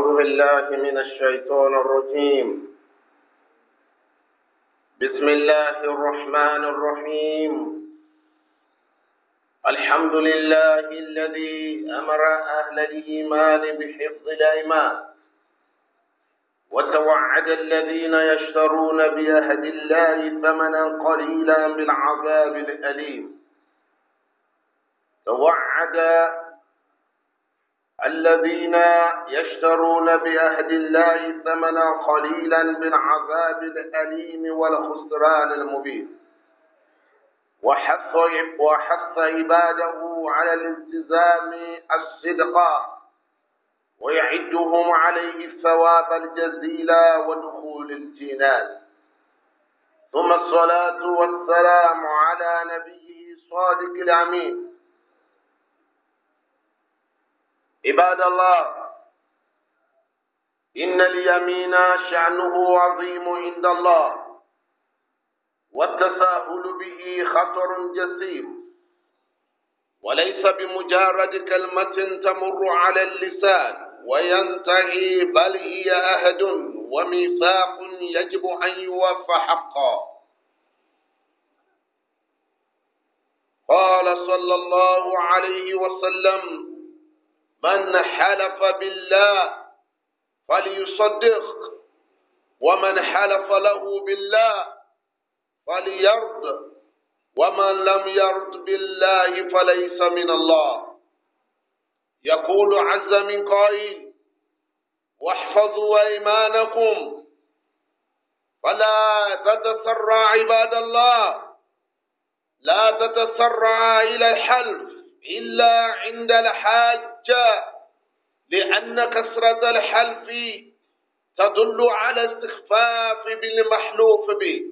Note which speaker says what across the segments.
Speaker 1: أعوذ بالله من الشيطان الرجيم بسم الله الرحمن الرحيم الحمد لله الذي أمر أهل الإيمان بحفظ الأيمان وتوعد الذين يشترون بأهد الله ثمنا قليلا بالعذاب الأليم توعد الذين يشترون بأهد الله ثمنا قليلا بالعذاب الأليم والخسران المبين وحث وحث عباده على الالتزام الصدق ويعدهم عليه الثواب الجزيل ودخول الجنان ثم الصلاة والسلام على نبيه الصادق الأمين عباد الله إن اليمين شأنه عظيم عند الله والتساهل به خطر جسيم وليس بمجرد كلمة تمر على اللسان وينتهي بل هي أهد وميثاق يجب أن يوفى حقا قال صلى الله عليه وسلم من حلف بالله فليصدق ومن حلف له بالله فليرد ومن لم يرد بالله فليس من الله يقول عز من قائل واحفظوا ايمانكم فلا تتسرع عباد الله لا تتسرع الى الحلف إلا عند الحاجة لأن كثرة الحلف تدل على استخفاف بالمحلوف به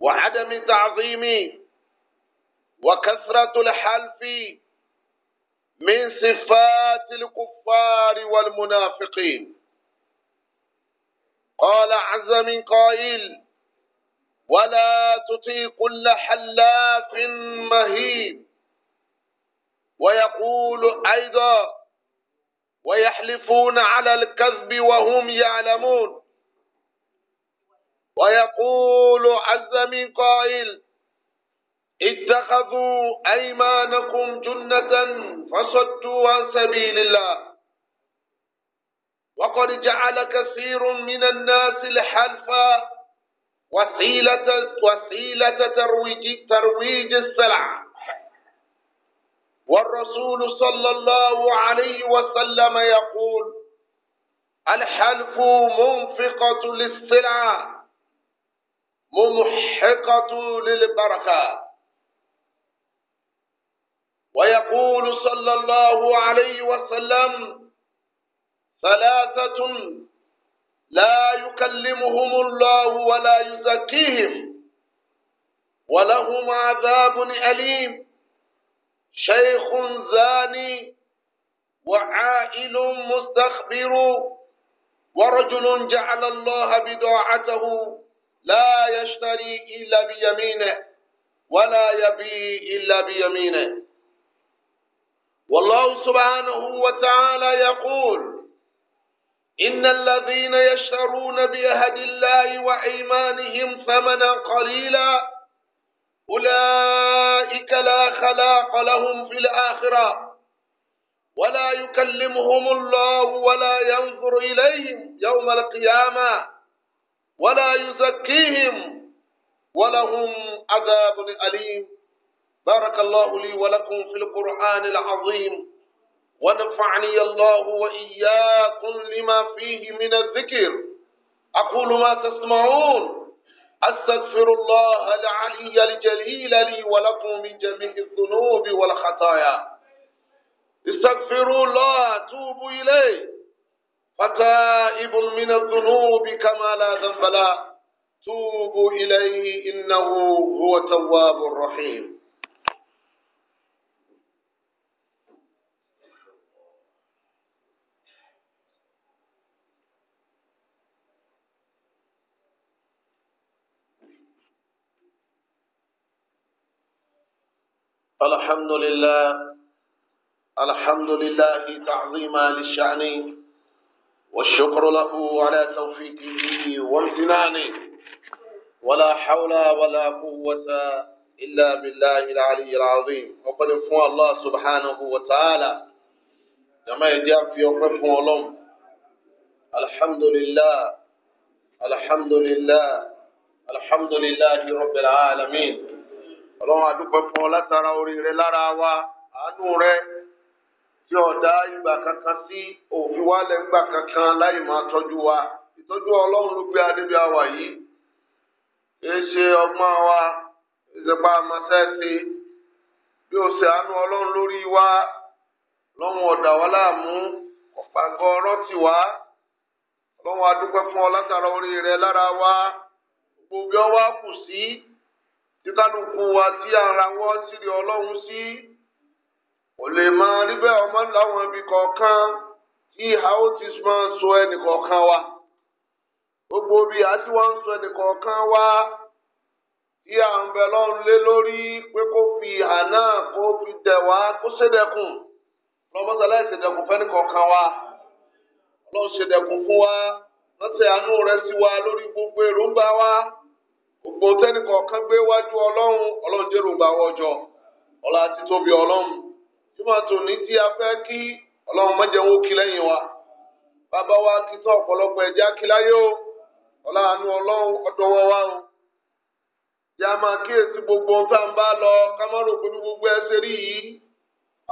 Speaker 1: وعدم تعظيمه وكثرة الحلف من صفات الكفار والمنافقين قال عز من قائل ولا تطيق كل حلاف مهيب ويقول أيضا ويحلفون على الكذب وهم يعلمون ويقول عز من قائل اتخذوا أيمانكم جنة فصدوا عن سبيل الله وقد جعل كثير من الناس الحلف وسيلة وسيلة ترويج ترويج السلع والرسول صلى الله عليه وسلم يقول الحلف منفقة للسلعة ممحقة للبركة ويقول صلى الله عليه وسلم ثلاثة لا يكلمهم الله ولا يزكيهم ولهم عذاب أليم شيخ زاني وعائل مستخبر ورجل جعل الله بضاعته لا يشتري إلا بيمينه ولا يبي إلا بيمينه والله سبحانه وتعالى يقول إن الذين يشترون بعهد الله وإيمانهم ثمنا قليلا أولئك لا خلاق لهم في الآخرة ولا يكلمهم الله ولا ينظر إليهم يوم القيامة ولا يزكيهم ولهم عذاب أليم بارك الله لي ولكم في القرآن العظيم ونفعني الله وإياكم لما فيه من الذكر أقول ما تسمعون أستغفر الله العلي الجليل لي ولكم من جميع الذنوب والخطايا استغفروا الله توبوا إليه فتائب من الذنوب كما لا ذنب لا توبوا إليه إنه هو التواب الرحيم الحمد لله الحمد لله تعظيما للشأن والشكر له على توفيقه وامتنانه ولا حول ولا قوة إلا بالله العلي العظيم وقد فوى الله سبحانه وتعالى كما يجاب في يقف ولم الحمد لله الحمد لله الحمد لله رب العالمين ọlọ́run àdúpẹ́ fún ọ látara orí rẹ lára wa àánú rẹ tí ọ̀dá ìgbà kankan sí òfin wálẹ̀ ńgbà kankan láì máa tọ́jú wa ìtọ́jú ọlọ́run ló gbé adébí àwà yìí ṣe ọgbọ́n wa ìṣèpá àmọ́sẹ́sì bí o wa lọ́wọ́n ọ̀dà wa láàmú ọ̀pàgọ́ ọ̀rọ̀ tì wá wa gbogbo ọwọ́ kù kíkálukú wa tí ara wọ́n sírí ọlọ́run sí kò lè máa rí bẹ́ẹ̀ ọmọ láwọn ibi kọ̀ọ̀kan tí ìhà ó ti máa sọ ẹnì kọ̀ọ̀kan wa gbogbo bí a ti wá ń sọ ẹnì kọ̀ọ̀kan wa tí à ń bẹ lọ́run lé lórí pé kó fi ìhà náà kó fi dẹ̀ wá kó ṣèdẹ̀kùn lọ́mọ́sálá ìṣèdẹ̀kùn fẹ́ni kọ̀ọ̀kan wa ọlọ́run ṣèdẹ̀kùn fún wa lọ́sẹ̀ àánú rẹ̀ sí wa lórí gbogbo èròǹgbà wa. gbogbo tẹ́nì kan gbé wájú ọlọ́run ọlọ́run jẹ́rùgbà wọ́jọ́ ọlá àti tóbi ọlọ́run jùmọ̀ ní tí a fẹ́ kí ọlọ́run mọ́jẹ̀wó kí wa bàbá wa kí tán ọ̀pọ̀lọpọ̀ kí láyé ọlọ́run wọn wá o gbogbo tá à lọ ká má gbogbo ẹ ṣe yìí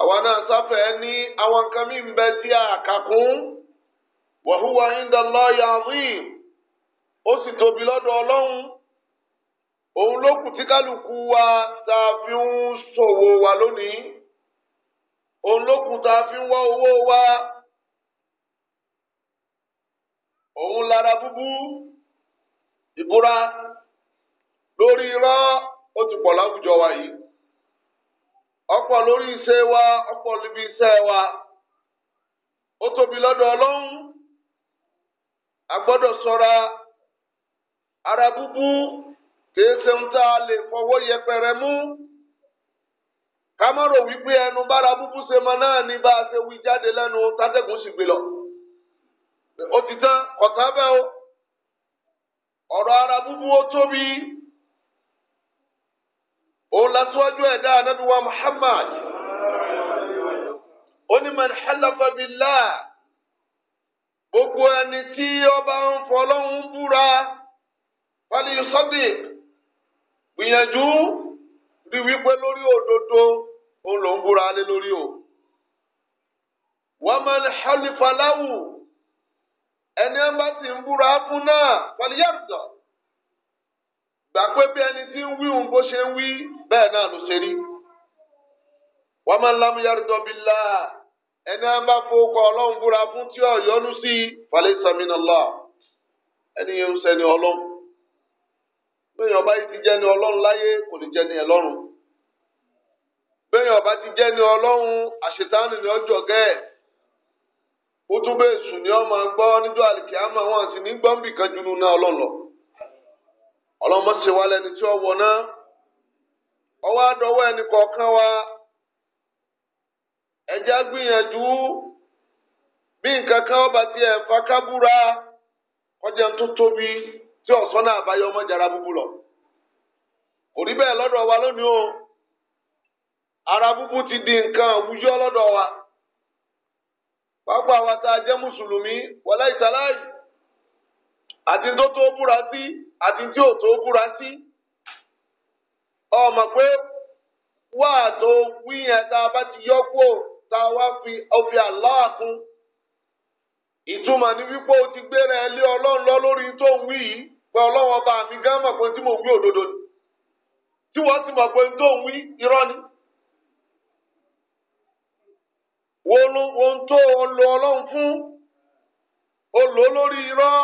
Speaker 1: àwa náà ní àwọn nǹkan mí òun ló kù tí kálukú wa tá a fi ń ṣòwò wa lónìí òun ló kù tá fi ń wá owó wa òun lára búbú ìbúra lórí irọ́ ó ti pọ̀ láwùjọ wa yìí ọ̀pọ̀ lórí iṣẹ́ wa ọ̀pọ̀ níbi iṣẹ́ wa ó tóbi lọ́dọ̀ ọlọ́run a gbọ́dọ̀ ṣọ́ra ara búbú. kìí ṣe ń tá a lè fọwọ́ yẹpẹrẹ mú ká má rò wípé ẹnu bára búbú ṣe mọ náà ní bá a ṣe wí jáde lẹ́nu tátẹ́gùn sì gbé lọ. ó ti tán ọ̀tá bẹ́ẹ̀ o ọ̀rọ̀ ara búbú ó tóbi òun lásìwájú ẹ̀dá anábìwá Muhammad ó ní man halafa billah gbogbo ẹni tí ọba ń fọlọ́hún búra wálé yusọ́dìk. gbìyànjú rí wípé lórí òdodo òun ló ń búra lé lórí o wọ́n máa ń halifa láwù ẹni ẹ na ti ń búra fún náà pàlíyàtọ̀ gbà pé bí ẹni tí ń wí òun bó ṣe ń wí bẹ́ẹ̀ náà ló ṣe rí wọ́n máa ń lámúyàrúdọ̀ bí la ẹni ẹ bẹ́ẹ̀ ọba yìí ti jẹ́ ní ọlọ́run láyé kò ní jẹ́ ní ẹ ọba ti jẹ́ ní ọlọ́run àṣetánù ní ọjọ́ gẹ́ẹ̀ ó tún bẹ́ẹ̀ sùn ní ọmọ gbọ́ níjọ́ àlìkíyàmá wọn sì ní gbọ́n jùlọ náà ọlọ́run wa gbìyànjú bí nǹkan kan ọba fa kábúra kọjá tó tí ọ̀sán náà bá yọ ọmọ jara lọ. bẹ́ẹ̀ lọ́dọ̀ wa lónìí o ara ti di nǹkan àwùjọ lọ́dọ̀ wa. pápá wa tá a jẹ́ mùsùlùmí wọlé ìtàláyì àti tó tó búra sí àti tí ò tó búra sí. ọmọ pé wà tó wí yẹn ti yọ tá fi ìtumọ̀ o ti lé ọlọ́run lọ lórí tó pé ọlọ́wọ́ bá mi gán mọ̀ pé tí mo wí òdodo ni tí wọ́n sì mọ̀ pé tó ni. wọ́n tó lo ọlọ́run fún olò lórí irọ́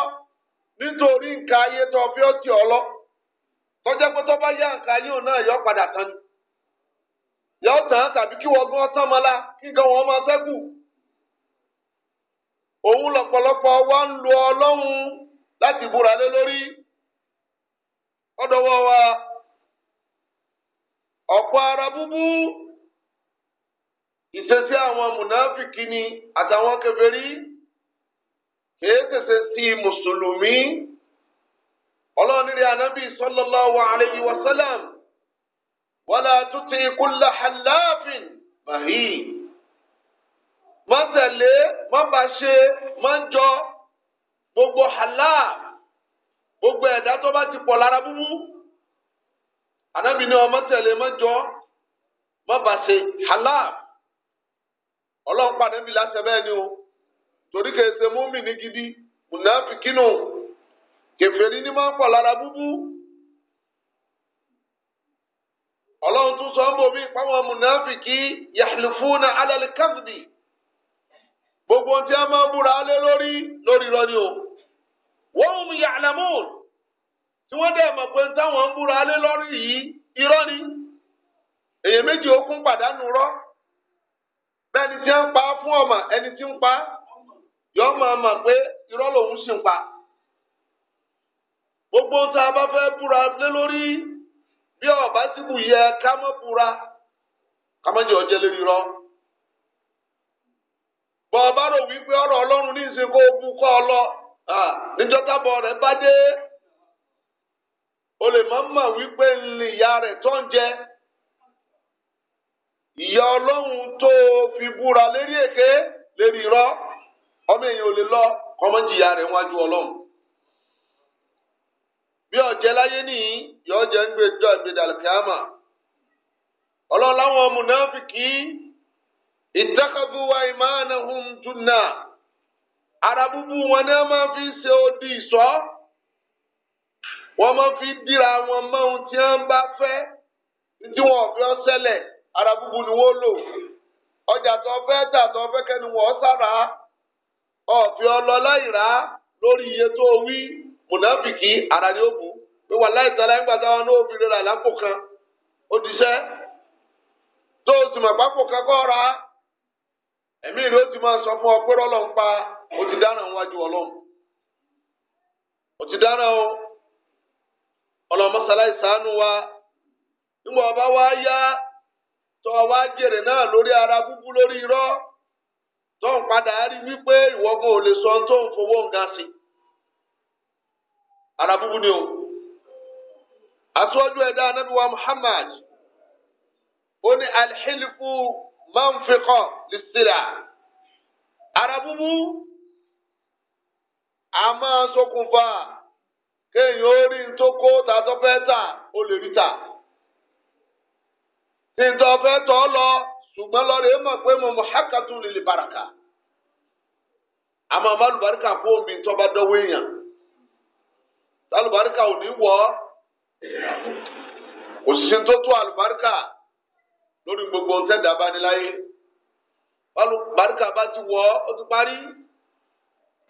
Speaker 1: nítorí ayé tó fi ti ọlọ́ tọ́jà pé tó bá yá ayé òun náà yọ padà tán ni yọ tán tàbí kí wọ́n tán láti búra lé lórí ọdọwọ wa ọ̀pọ̀ ara búbú ìṣesí àwọn mùnáfìkì ni àtàwọn kèfèrí kìí ṣèṣe sí mùsùlùmí anabi ànábì sallallahu alayhi wa sallam wala tuti kulla hallafin mahi má tẹ̀lé má má jọ. gbogbo halal gbogbo ẹ̀dá tó bá ti pọ̀ lára búbú ànábì ní ọmọ tẹ̀lé mọ́jọ́ mọ́bàṣe halal ọlọ́run pàdé mi láṣẹ bẹ́ẹ̀ ni o torí kìí ṣe múmi ní gidi mùnàfíkínù kèfèrí ní máa ń pọ̀ lára búbú ọlọ́run tún sọ ọ́n bòmí ìpamọ́ mùnàfíkì yahlifuna alal kadhib gbogbo ohun tí a máa ń búra lé lórí lórí irọ́ o. wọ́n ya yàlámù tí wọ́n dẹ̀ mọ̀ pé táwọn ń búra lé lọ́rí yìí irọ́ ni èyí méjì ó pàdánù rọ́ bẹ́ẹ̀ni tí ń pa fún ọmọ ẹni tí ń pa yọ máa mọ̀ pé irọ́ sì gbogbo tá a bá fẹ́ búra lé lórí bí ọba sì kù yẹ ká mọ́ búra ká mọ́ jẹ ọjẹ́ lórí rọ́ bọ́ ọba rò wípé ọ̀rọ̀ ọlọ́run ní ìsìnkú ogun kọ́ ọ níjọ́ tábọ̀ rẹ̀ bá dé o lè má mà wípé ní ìyá rẹ̀ tó ń jẹ ìyá ọlọ́run tó fi búra lérí èké lérí irọ́ ọmọ èèyàn ò lè lọ kọ́mọ́jìyà rẹ̀ wájú ọlọ́run bí ọ̀jẹ̀ láyé nìyí yọ̀ọ́ jẹ́ ń gbé jọ́ ìgbédàlùkìámà ọlọ́run láwọn ọmọ náà fi kí wa ara wọn ni wọn máa fi ṣe odi ìṣọ́ wọn máa fi dira wọn mọ ohun tí wọn bá fẹ́ tí wọn fi ni wọn lò ọjà tó fẹ́ tà tó wọn sára ọ̀fi ọlọ́lá lórí iye tó ara pé wà láì nígbà táwọn náà fi kan tó sọ fún ọ pé o ti nwa wájú ọlọ́run o ti dáràn o ọlọ́mọsáláì ṣàánú wa nígbà ọba wa yá tọ́ wa jèrè náà lórí ara búbú lórí irọ́ tó ń padà rí wípé ìwọ́gbọ́n ò lè sọ tó ń fowó nǹkan sí ara búbú ni o aṣojú ẹ̀dá anábì wa Muhammad ó ní alḥilifu fekọ lisira ara búbú. amaa nsokunfa kee nye yoo ni nso koo ta dɔgɛɛ ta o lebi ta si dɔgɛɛ tɔ lɔ sugba lɔ rii e ma gbɔ e ma mɔhaka tuurii baraka ama ma alubarika fo bi ntɔbadɔ wee nya alubarika o ni wɔ o si alubarika n'o gbogbo o tɛ dabani la ye alubarika ma ti wọ ɔ ti kpali.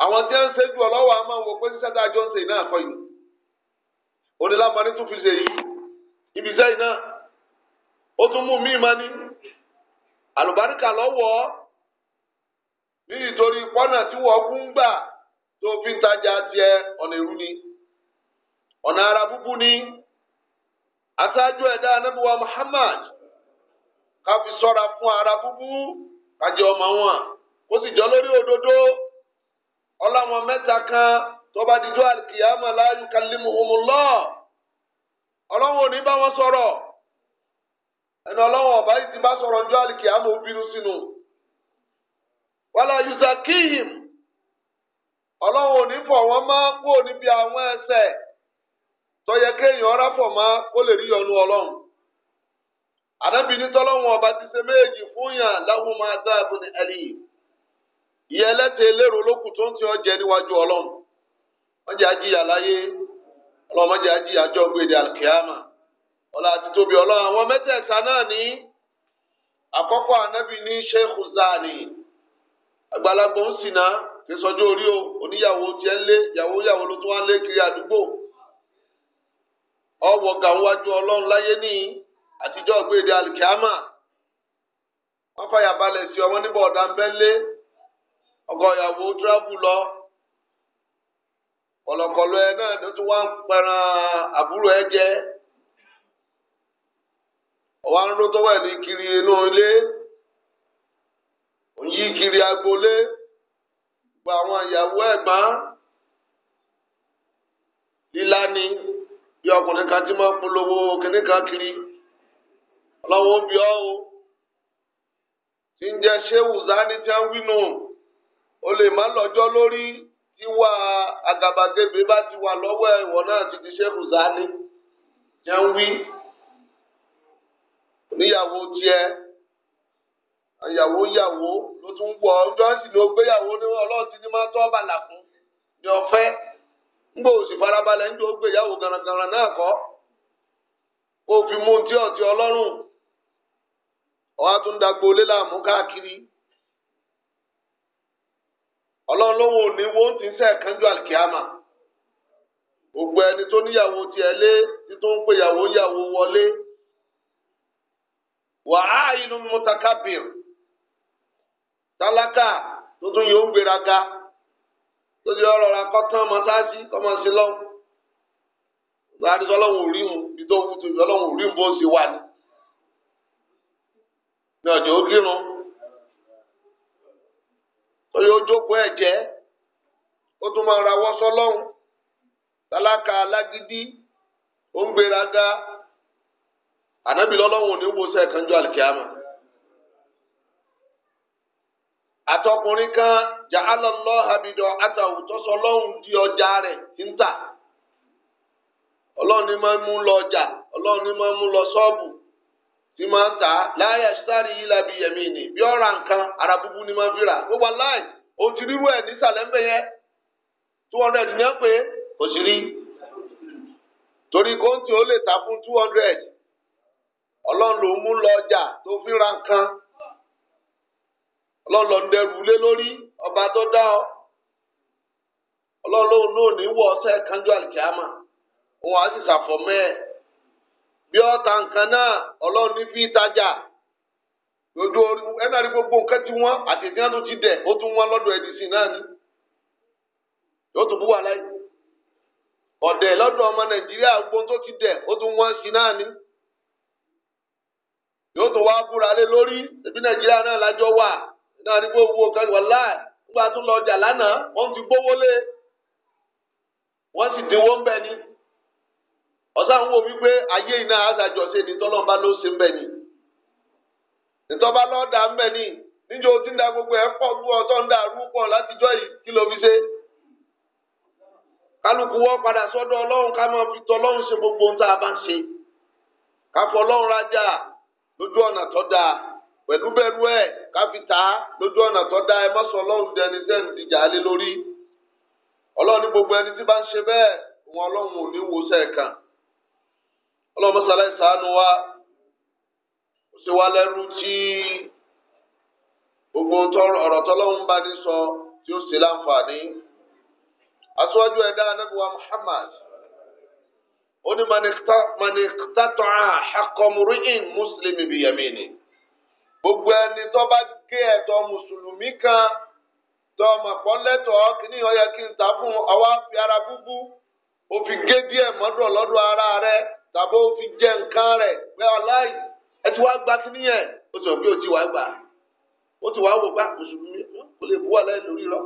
Speaker 1: àwọn tí wọ́n ń ṣẹ́jú ọlọ́wọ́ a máa wọ pé afọ tá náà fi ṣe yìí ibi iṣẹ́ náà ó tún mú míì máa ní àlùbáríkà lọ́wọ́ nítorí pọ́nà tí wọ́n kún gbà tó fi ń tajà tiẹ̀ ọ̀nà ìrú ni ọ̀nà ara búbú ni aṣáájú ẹ̀dá anábíwá fún ara búbú ọmọ wọn kó sì jọ ọlọ́wọ́n mẹ́ta kan tó bá dijọ́ àlùkìyàmọ̀ la yukallimuhumullah ọlọ́wọ́n ò ní bá wọn sọ̀rọ̀ ẹnu ọlọ́wọ́n ọ̀bá yìí ti bá sọ̀rọ̀ njọ́ àlùkìyàmọ̀ obìnrin sínú wala yuzakihim ọlọ́wọ́n ò ní fọ̀ wọ́n mọ́ kó o níbi àwọn ẹsẹ̀ tó yẹ kéèyàn ọ̀rá fọ̀ mọ́ kó lè rí yọnu ọlọ́run àdábìnrin tọ́lọ́wọ́n ọba ti ṣe méjì fún yàn láwùmọ́ adáàbò ní ẹlẹ́yìn. ihe ẹlẹ́tẹ̀ elérò olókùn tó ń ti ọjẹ́ níwájú ọlọ́run wọ́n jẹ́ ajíyà láyé ọlọ́run wọ́n jẹ́ ajíyà jọ gbèdé alkiyama ọlọ́run àti tóbi ọlọ́run àwọn mẹ́tẹ̀ẹ̀ta náà ní àkọ́kọ́ ànábì ní sheikh zani àgbàlagbà ń sìnà orí o oníyàwó ń lé yàwó yàwó ló tún wá lé kiri àdúgbò gàwájú láyé ní gbèdé fàyà ọkọ ìyàwó tíráàbù lọ kọlọkọlọ ẹ náà tó tún wá ń pẹran àbúrò ẹ jẹ ọwọ ń ló tọwọ ní kiri inú ilé òun yí kiri agboolé gba àwọn ìyàwó ẹ̀gbọ́n lílá ni bí ọkùnrin kan ti máa ń polówó kíní kan kiri ọlọ́wọ́ bí ọ́ o ti ń jẹ́ ṣéwù zani tí ń wí nù. No. o lè má lọ́jọ́ lórí tíwá àgàbàgebè bá ti wà lọ́wọ́ ẹ̀wọ̀n náà ti di ṣẹ́kù sáni jẹ́ ń wí níyàwó tiẹ̀ àyàwó yàwó ló tún wọ̀ ọjọ́ ló gbéyàwó ní ọlọ́run ti ní máa tọ́ ní ọ̀fẹ́ farabalẹ̀ gbéyàwó náà kọ́ òfin ọ̀tí ọlọ́run káàkiri. ọlọ́run lóhùn òní wo ń ti ń sẹ́ kánjú àlìkíámà gbogbo ẹni tó níyàwó tiẹ̀ lé títún ń péyàwó yàwó wọlé wàá ìlú mutakabir tálákà tó tún yóò ń gbéraga tó ti ọ̀rọ̀ ra kọtán mọtásí kọmọ sí lọ láàrin ọlọ́run ò mu bí tó wù mu bó ń ṣe wà ní ọjọ́ ó kírun. jókòó ẹ̀jẹ́ ó tún máa rawọ́ sọ́lọ́hún tálákà alágídí ó ń gbéraga ànábì lọ́lọ́hún ò ní wo kanjú àtọkùnrin kan ja'alallah abidọ àtàwù tọ́sọ ọlọ́hún di ọjà rẹ̀ tí ń tà ọlọ́run ni máa ń mú lọ ọjà ọlọ́run ni máa ń mú lọ ṣọ́ọ̀bù tí máa ń tà sáré yìí ni bí ọ̀ràn kan ara búbú ni máa ń fi òjìrí wẹ̀ nísàlẹ̀ ń bẹ yẹn two hundred ní ẹ pé òjìrí torí kóńtì ó lè ta fún two hundred ọlọ́run ló mú lọ ọjà tó fi ra nǹkan ọlọ́run ló ń dẹrù lé lórí ọba tó dá ọ ọlọ́run ló ní wọ ọsẹ kanjú òun á sì bí ọ̀tá nǹkan náà lójú ẹnà rí gbogbo nǹkan tí wọ́n àtẹ̀tí náà tó ti dẹ̀ ó tún wọ́n lọ́dọ̀ ẹ̀dì sí náà ni yóò tún bú wà láyé ọ̀dẹ̀ lọ́dọ̀ ọmọ nàìjíríà gbogbo tó ti dẹ̀ ó tún wọ́n sí náà ni yóò tún wá búra lé lórí ẹbí nàìjíríà náà lájọ wà náà gbogbo wà láì lọ lánàá wọ́n ti gbówó lé wọ́n sì dínwó ń bẹ ni ọ̀sán wo wípé ayé iná ni ló ṣe ń bẹ ni. ìtọ́ba lọ́ọ̀dà ń bẹ̀ ní níjọ́ tí ń da gbogbo ẹ̀ pọ̀ ju ọ̀tọ́ ń da àrùn pọ̀ látijọ́ yìí kí ló fi ṣe. kálukú padà sọ́dọ̀ ọlọ́run ká máa fi tọ́lọ́run ṣe gbogbo ohun tá a bá ń ṣe. ká fọ ọlọ́run rájà lójú ọ̀nà tó dáa pẹ̀lú ẹ̀ ká fi tà á gbogbo ó sì wá lẹ́rú tí gbogbo ọ̀rọ̀ tọ́lọ́hún bá sọ tí ó si láǹfààní. ẹ̀dá anábíwá Muhammad ó ní maniktatọ́ àkọmùrìín mùsùlùmí bíi yamini gbogbo ẹni tó bá gé ẹ̀tọ́ mùsùlùmí kan tó ọmọ pọ́n lẹ́tọ̀ọ́ kíní ọ̀yẹ kí n ta fún ọwọ́ fi ara búbú ó fi gé díẹ̀ mọ́dọ̀ lọ́dọ̀ ara rẹ̀ tàbí ó fi nǹkan rẹ̀ ọláyìí. ẹ ti wá gba kíní yẹn o sọ wa o ti o ti wá wò bá ah, mùsùlùmí o lè bú wà lórí lọ.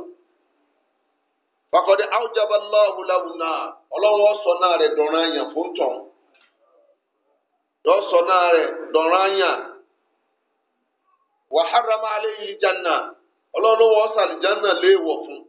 Speaker 1: fakọ̀dé awùjábá lọ́hùn láwùn náà ọlọ́wọ́ sọ náà rẹ̀ dọ̀ràn àyàn fún tọ̀hún yọ sọ náà rẹ̀ dọ̀ràn àyàn máa lè yí ọlọ́wọ́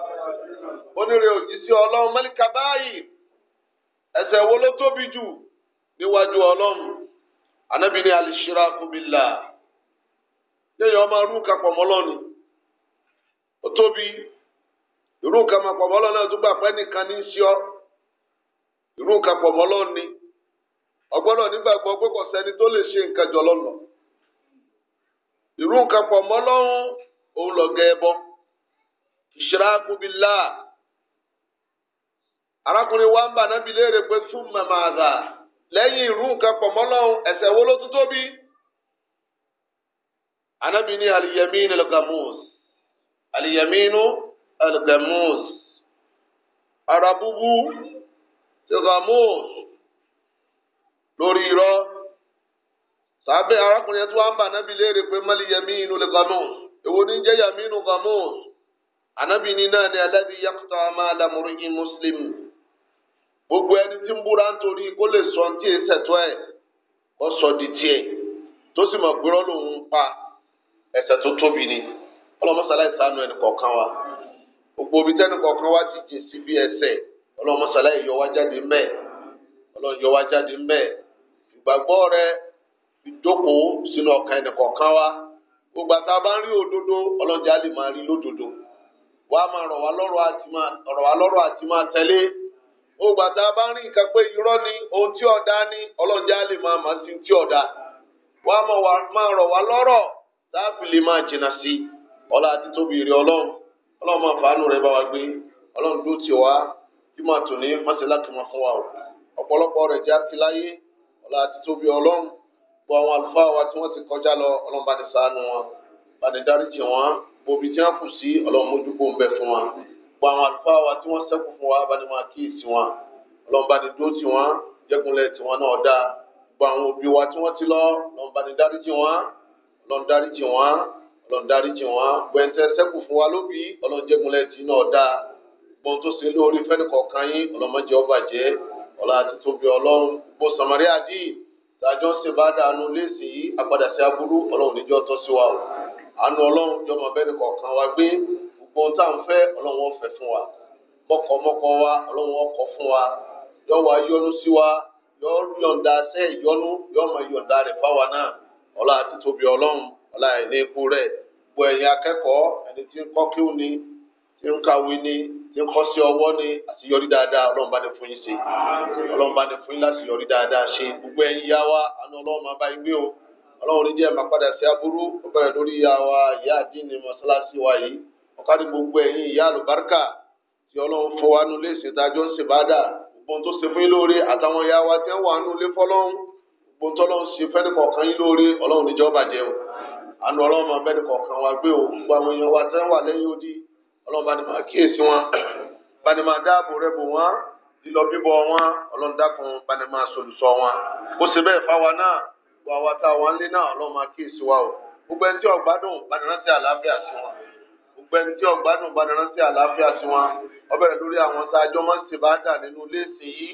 Speaker 1: onírè òjíṣẹ́ ọlọ́run mẹ́líkà báyìí ẹ̀ṣẹ̀ wo ló tóbi jù níwájú ọlọ́run anábì ní alìṣirà kùbìlà yẹ́yẹ́ ọmọ rúkà pọ̀mọ́lọ́ni ó tóbi irú máa pọ̀ mọ́lọ́ náà gbà pé nìkan ní ọgbọ́dọ̀ nígbàgbọ́ pé kò sẹ́ni tó lè ṣe nǹkan jọ lọ́nà irú nǹkan pọ̀ òun ẹbọ arákùnrin wa ń bà nábì léèrè pé fún màmá àdà lẹ́yìn irú nǹkan pọ̀ mọ́lọ́hún ẹ̀ṣẹ̀ wo ló tún tóbi. anábì ní aliyamínú algamus aliyamínú algamus ara búbú gamus lórí irọ́ sábẹ́ arákùnrin tí wọ́n ń bà nábì léèrè pé maliyamínú algamus èwo ní jẹ́ yamínú gamus anábì ní náà ni alladhi yaqta mala mur'in muslim. gbogbo ẹni tí ń búra kó lè sọ ní tiẹ̀ sẹ̀tọ́ ẹ kó sọ di tiẹ̀ tó sì mọ̀ gbúrọ́ lòun pa ẹ̀ṣẹ̀ tó tóbi ni ọlọ́mọsálá ìsánú ẹnì kọ̀ọ̀kan wa gbogbo omi tẹ́nì wa ti jè sí bí ẹsẹ̀ ọlọ́mọsálá wá jáde wá jáde rẹ sínú ọkàn wa gbogbo àti abá ń rí òdodo ó gbàtà bá rí nǹkan pé irọ́ ni ohun tí ọ̀dá ni ọlọ́jà lè máa mà sí tí ọ̀dá á máa rọ̀ wá lọ́rọ̀ lè máa jìnnà sí àti tóbi rí ọlọ́run ọlọ́run máa fàánù rẹ̀ bá wa gbé ọlọ́run tó ti wá bí máa tò ní mọ́sálásí máa fún wa o ọ̀pọ̀lọpọ̀ rẹ̀ já ti láyé ọlá àti tóbi ọlọ́run ti kọjá lọ ọlọ́run bá wọn bá dáríjì wọn gbogbo àwọn àlùfáà wa tí wọ́n sẹ́kù fún wa abáni máa kíyèsí wọn lọ́nbani dó tì wọ́n jẹ́kunlẹ̀ tì wọ́n náà dáa gbogbo àwọn òbí wa tí wọ́n ti lọ lọ́nbani dáríjì wọn lọ́n dáríjì wọn lọ́n dáríjì wọn gbẹ̀ntẹ́ sẹ́kù fún wa lóbi ọlọ́njẹ́kunlẹ̀ tì náà dáa gbọ́n tó ṣe lórí fẹ́ni kọ̀ọ̀kan yín ọlọ́mọdé ọba jẹ́ ọ̀la àti tóbi ọlọ́run gbogbo samaria àdìyí tàjọ́ ṣe bá dànù léèsì yìí apàdà sí aburú ọlọ́run níjọ́ tọ́ sí wa àánú ọlọ́run jọmọ bẹ́ni kọ̀ọ̀kan wa gbé gbogbo tá à ń fẹ́ ọlọ́run ọ̀fẹ́ fún wa mọ́kọ̀mọ́kọ̀ wa ọlọ́run ọkọ̀ fún wa yọ wá yọ́nú sí wa yọ yọ̀ǹda sẹ́ ìyọ́nú yọ máa yọ̀ǹda rẹ̀ fáwa náà ọlá àti ọlọ́run ọlá ẹ̀ní epo rẹ̀ gbogbo ẹ̀yin akẹ́kọ̀ọ́ ẹni tí ń kọ́ kíw ni tí ń kàwé ni tí ń kọ́ sí ọwọ́ ni àṣeyọrí dáadáa ọlọ́run bá ní fún yín ṣe ọlọ́run bá ní fún yín láṣeyọrí dáadáa ṣe gbogbo ẹ̀yin yá wa àánú ọlọ́run máa bá yín gbé o ọlọ́run ní díẹ̀ máa padà sí aburú ó lórí yá wa ìyá àdínní mọ́ṣáláṣí wa yìí ọ̀kadì gbogbo ẹ̀yin ìyá àlùbáríkà tí ọlọ́run fọ wa nulẹ̀ ìṣèdájọ́ ń ṣèbádà gbogbo tó ṣe fún yín lóore àtàwọn ìyá wa tí wọ́n wà nulẹ̀ fọlọ́run gbogbo tó lọ́run ṣe fẹ́ni kọ̀ọ̀kan yín lóore ọlọ́run níjọ́ bàjẹ́ o àánú ọlọ́run máa bẹ́ni kọ̀ọ̀kan wa gbé o gbogbo àwọn èèyàn wa tí wọ́n wà lẹ́yìn odi ọlọ́run bá ní máa kíyèsí wọn bá ní máa dáàbò rẹ̀ bò wọ́n lílọ bíbọ wọn ọlọ́run dákun bá ní máa solùsọ wọn bó ṣe bẹ́ẹ̀ fáwa náà gbogbo àwa tá a wà ń lé náà ọlọ́run máa kíyèsí wa o gbogbo ẹni tí ọ̀gbádùn bá ní rántí àlàáfíà sí wọn gbẹni tí ọgbádùn bá dáná sí àlàáfíà sí wọn ọbẹ̀rẹ̀ lórí àwọn tá a jọ máa ń ṣe bá dà nínú léèsì yìí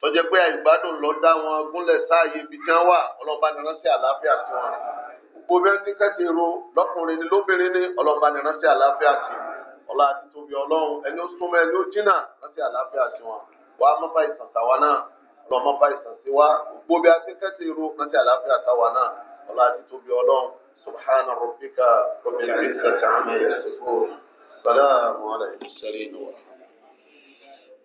Speaker 1: tọ́jẹ́ pé àìgbádùn lọ dá wọn gúnlẹ̀ sáàyè ibi tí wọ́n wà ọlọ́ba dáná sí àlàáfíà sí wọn gbogbo bí wọ́n ti kẹ́sì ro lọ́kùnrin ni lóbìnrin ni ọlọ́ba dáná sí àlàáfíà sí ọlá àti tóbi ọlọ́run ẹni ó súnmọ́ ẹni ó jìnnà láti àlàáfíà sí wọn wàá mọ́fà ìsàntàwa náà lọ́mọ́fà ìsàntìwa gbogbo bí wọ́n ti kẹ́sì ro láti àlàáfíà táwa náà ọlá àti tóbi ọlọ́run سبحان ربك رب العزة عما يصفون سلام عليكم السلام ورحمة